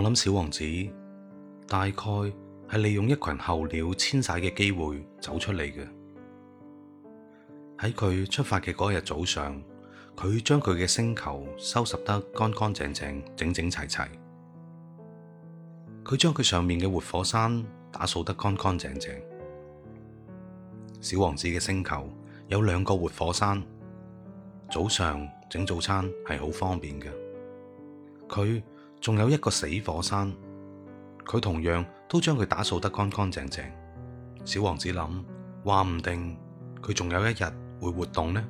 我諗小王子大概係利用一群候鳥遷徙嘅機會走出嚟嘅。喺佢出發嘅嗰日早上，佢將佢嘅星球收拾得乾乾淨淨、整整齊齊。佢將佢上面嘅活火山打掃得乾乾淨淨。小王子嘅星球有兩個活火山，早上整早餐係好方便嘅。佢。仲有一個死火山，佢同樣都將佢打掃得乾乾淨淨。小王子諗，話唔定佢仲有一日會活動呢？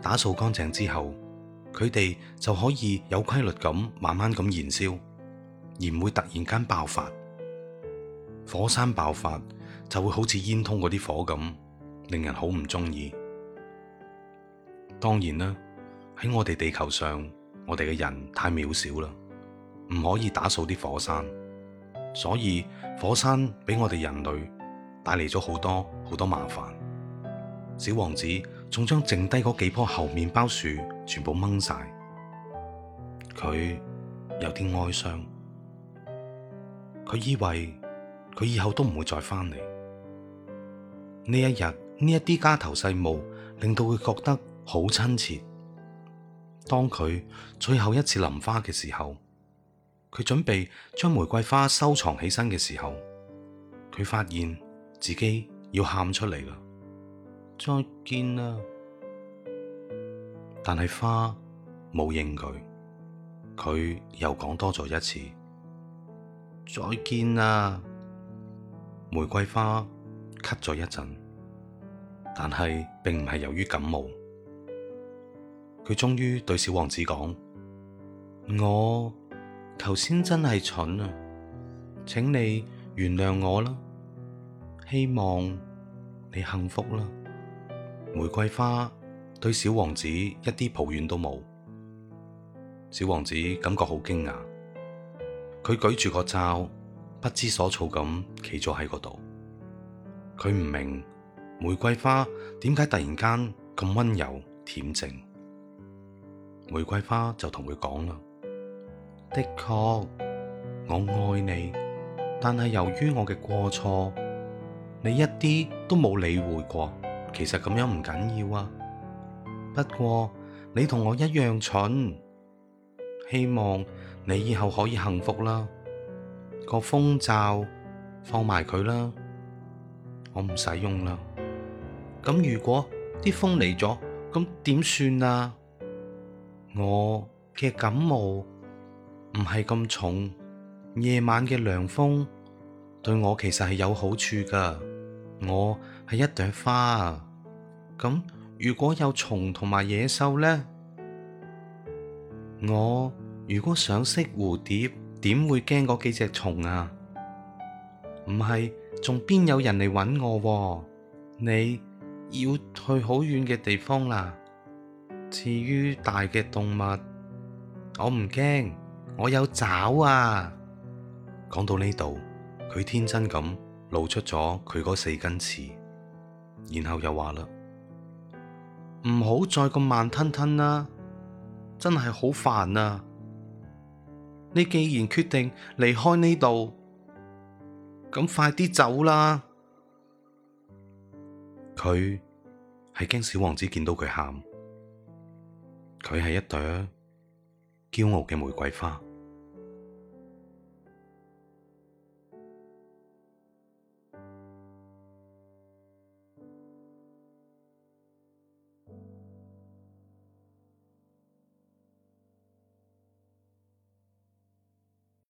打掃乾淨之後，佢哋就可以有規律咁慢慢咁燃燒，而唔會突然間爆發。火山爆發就會好似煙通嗰啲火咁，令人好唔中意。當然啦，喺我哋地球上。我哋嘅人太渺小啦，唔可以打掃啲火山，所以火山俾我哋人類帶嚟咗好多好多麻煩。小王子仲將剩低嗰幾棵猴麵包樹全部掹晒，佢有啲哀傷，佢以為佢以後都唔會再翻嚟。呢一日呢一啲家頭細務，令到佢覺得好親切。當佢最後一次淋花嘅時候，佢準備將玫瑰花收藏起身嘅時候，佢發現自己要喊出嚟啦！再見啦！但係花冇應佢，佢又講多咗一次再見啦！玫瑰花咳咗一陣，但係並唔係由於感冒。佢終於對小王子講：我頭先真係蠢啊，請你原諒我啦。希望你幸福啦。玫瑰花對小王子一啲抱怨都冇，小王子感覺好驚訝，佢舉住個罩，不知所措咁企咗喺嗰度。佢唔明玫瑰花點解突然間咁温柔恬靜。玫瑰花就同佢講啦。的確，我愛你，但係由於我嘅過錯，你一啲都冇理會過。其實咁樣唔緊要啊。不過你同我一樣蠢，希望你以後可以幸福啦。個風罩放埋佢啦，我唔使用啦。咁如果啲風嚟咗，咁點算啊？我嘅感冒唔係咁重，夜晚嘅涼風對我其實係有好處噶。我係一朵花啊，咁如果有蟲同埋野獸呢？我如果想識蝴蝶，點會驚嗰幾隻蟲啊？唔係，仲邊有人嚟揾我喎？你要去好遠嘅地方啦。至於大嘅動物，我唔驚，我有爪啊！講到呢度，佢天真咁露出咗佢嗰四根刺，然後又話啦：唔好再咁慢吞吞啦，真係好煩啊！你既然決定離開呢度，咁快啲走啦！佢係驚小王子見到佢喊。佢係一朵驕傲嘅玫瑰花。